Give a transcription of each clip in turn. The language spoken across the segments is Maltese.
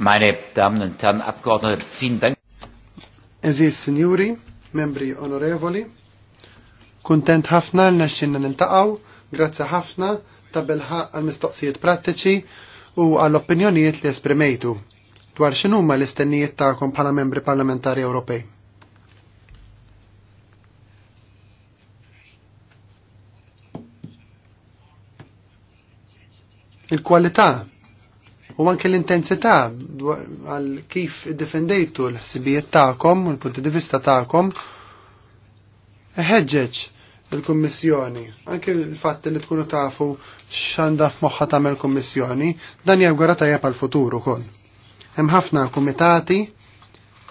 Meine Damen und Herren Abgeordnete, vielen Dank. Eżis Signori, membri onorevoli, kuntent ħafna l-naxxinna niltaqgħu, grazzi ħafna ta' bilħaq għal-mistoqsijiet prattiċi u għall-opinjonijiet li esprimejtu dwar x'inhuma l-istennijiet tagħkom bħala membri parlamentari Ewropej. Il-kwalità u anke l-intensità għal kif defendejtu l-ħsibijiet tagħkom u l-punti di vista tagħkom ħeġġeġ il-Kummissjoni, anke l-fatt li tkunu tafu x'għandha f'moħħa tagħmel kummissjoni, dan jawgura tajjeb għal futur ukoll. Hemm ħafna kumitati,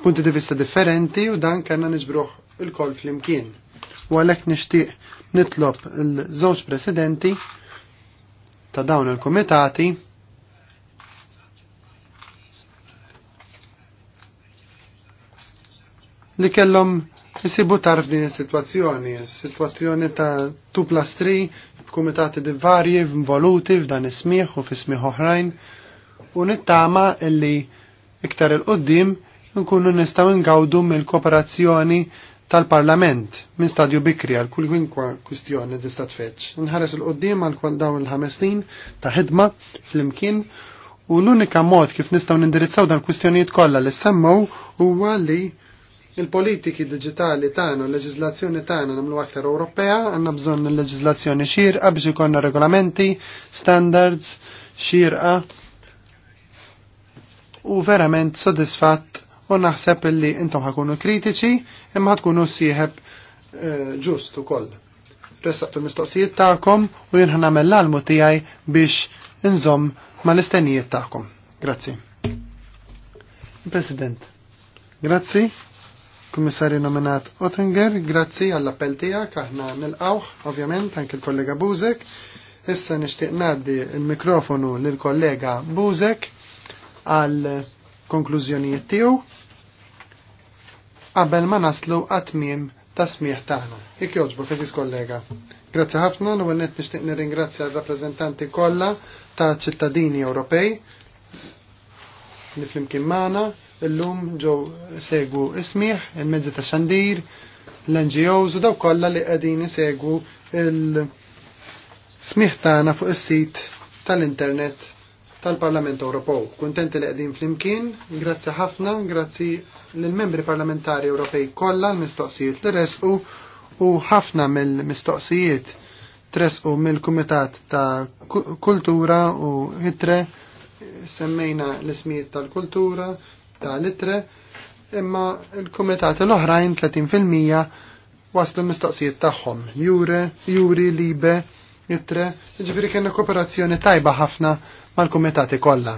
punti di vista differenti u dan kellna niġbruh il-koll flimkien. U għalhekk nixtieq nitlob il-żewġ presidenti ta' dawn il-kumitati li kellhom jisibu tarf din is-sitwazzjoni, sitwazzjoni ta' 2 plus 3 b'kumitati varji involuti f'dan ismiħ u f'ismiħ oħrajn u nittama illi iktar il-qoddim nkunu nistgħu ngawdu mill-kooperazzjoni tal-Parlament minn stadju bikri għal kull kwa kwistjoni tista' feċ. Nħares il-qoddim għal kwal dawn il-ħames ta' ħidma fl-imkien u l-unika mod kif nistgħu nindirizzaw dan kwistjonijiet kollha li semmaw huwa li il-politiki digitali tagħna, l leġizlazzjoni tagħna nagħmlu aktar Ewropea, għandna bżonn il-leġiżlazzjoni xierqa biex ikollna regolamenti, standards xierqa u verament sodisfatt u naħseb li intom ħakunu kritiċi imma ħatkunu sieħeb eh, ġust ukoll. Ressaqtu l-mistoqsijiet tagħkom u jien nagħmel l-almu tiegħi biex inżomm mal-istennijiet tagħkom. Grazzi. President, grazzi kummissarju nominat Ottinger, grazzi għall-appell tiegħek aħna nil-qawħ, ovvjament, anke l-kollega Buzek. Issa nixtieq naddi il mikrofonu lill-kollega Buzek għal konklużjonijiet tiegħu qabel ma naslu għatmim ta' smieħ taħna. Ik joġbu fesis kollega. Grazzi ħafna, l-għennet nixtieq nirringrazzja r-rappreżentanti kollha ta' ċittadini Ewropej li flimkien magħna illum ġew segu ismiħ il-mezzi ta' xandir, l-NGOs u daw kollha li qegħdin isegwu il-smiħ tagħna fuq is-sit tal-internet tal-Parlament Ewropew. Kuntenti li qegħdin flimkien, grazzi ħafna, grazzi lill-membri parlamentari Ewropej kollha l-mistoqsijiet li resqu u ħafna mill-mistoqsijiet tresqu mill-Kumitat ta' Kultura u Hitre semmejna l-ismijiet tal-kultura, tal-itre, imma l-komitati l-oħrajn 30% waslu mistoqsijiet tagħhom. Jure, juri, libe, itre, ġifiri kena kooperazzjoni tajba ħafna mal-komitati kollha.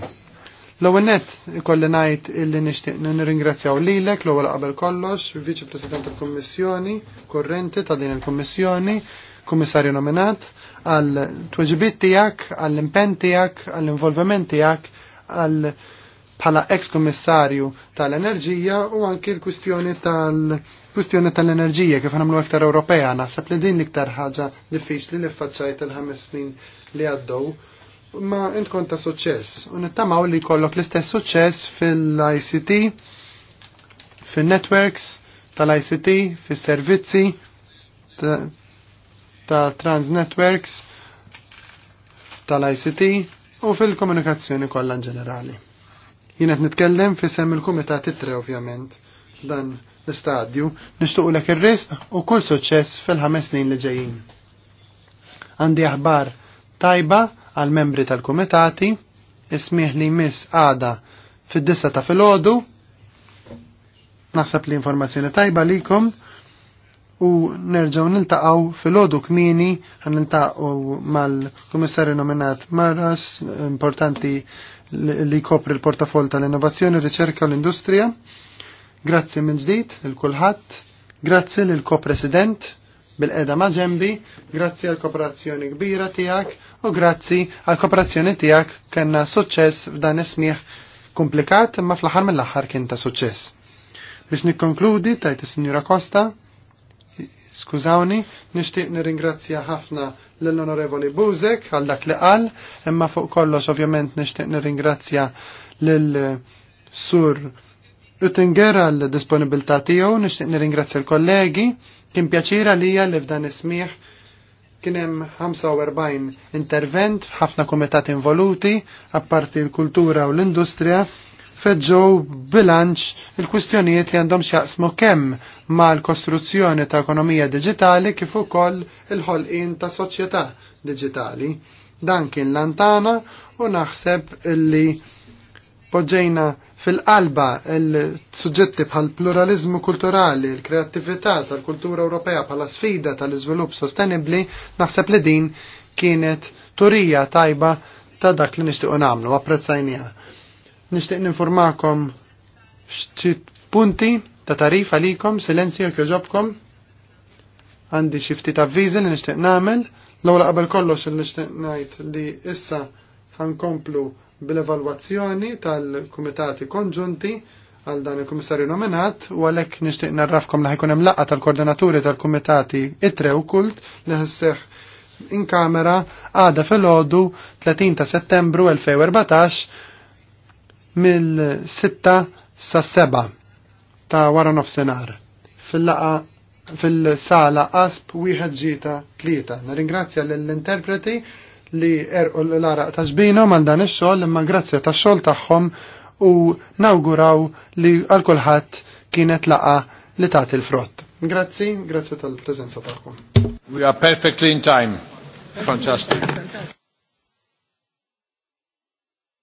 L-ewwel net ikolli ngħid illi nixtieq nirringrazzjaw lilek l-ewwel qabel kollox, Viċi President tal-Kummissjoni, kurrenti ta' din il-Kummissjoni, Kummissarju nominat, għal tweġibiet tiegħek, għall impenn tiegħek, għall involviment tiegħek għal bħala ex-kommissarju tal-enerġija u anki l-kwistjoni tal-kwistjoni tal-enerġija kif nagħmlu aktar Ewropea naħseb li din l-iktar ħaġa diffiċli li faċċajt il-ħames snin li għaddew. Ma int kont ta' suċċess u nittamaw li jkollok l-istess suċċess fil-ICT, fin-networks tal-ICT, fis-servizzi ta' trans networks tal-ICT, u fil-komunikazzjoni kollha ġenerali. Jien qed nitkellem fisem il-kumitat Tre ovvjament dan l-istadju nixtuq lek ir-risq u kull suċċess fil-ħames snin li ġejjin. Għandi aħbar tajba għal membri tal-kumitati, ismiħ li miss għada fid-dissa ta' filgħodu. Naħseb li informazzjoni tajba likom u nerġaw niltaqaw fil-ħodu kmini għan niltaqaw mal-komissarju nominat Maras, importanti li kopri l-portafol tal-innovazzjoni, ricerka u l-industrija. Grazzi minn ġdid il-kulħadd, grazzi l-ko-president bil edha maġembi, grazzi għal kooperazzjoni kbira tiegħek u grazzi għal kooperazzjoni tiegħek kena suċċess f'dan ismieħ komplikat imma fl-aħħar mill-aħħar kien ta' suċċess. Biex nikkonkludi tajt is-Sinjura Costa, Skużawni, nixtieq nirringrazzja ħafna lill-Onorevoli Buzek għal dak li qal, imma fuq kollox ovvjament nixtieq nirringrazzja lill-Sur Utinger għal disponibilità tiegħu, nixtieq nirringrazzja l-kollegi, kien pjaċira lija li f'dan ismiħ kien hemm 45 intervent f'ħafna kumitat involuti, apparti l-kultura u l-industrija, feġġow bilanċ il-kwistjonijiet li għandhom xjaqsmu kemm mal kostruzzjoni ta' ekonomija digitali kif ukoll il-ħolqien ta' soċjetà digitali. Dan kien lantana u naħseb illi poġġejna fil-qalba il-suġġetti bħal pluralizmu kulturali, il-kreattività tal-kultura Ewropea bħala sfida tal-iżvilupp sostenibli, naħseb li din kienet turija tajba ta' dak li nixtiequ nagħmlu, apprezzajnija nixtieq ninformakom xtit punti ta' tarif għalikom, silenzju jekk Għandi xi ftit avviżi li nixtieq nagħmel. L-ewwel qabel kollox li nixtieq ngħid li issa ħankomplu bil-evalwazzjoni tal-kumitati konġunti għal dan il kummissarju nominat u għalek nishtiq narrafkom li ħajkun hemm laqgħa tal-koordinaturi tal-kumitati itre u kult li ħasseħ in kamera għada fil-ħodu 30 ta' settembru 2014 mill-6 sa' 7 ta' wara nofsenar fil-sala asp wieħed ġita tlieta. Nirringrazzja l-interpreti li erqu l-araq ta' ġbina mal dan ix-xogħol imma grazzja tax xogħol tagħhom u nawguraw li għal kulħadd kienet laqa li tagħti l-frott. Grazzi, grazzi tal-preżenza tagħkom. We are perfectly in time. Fantastic.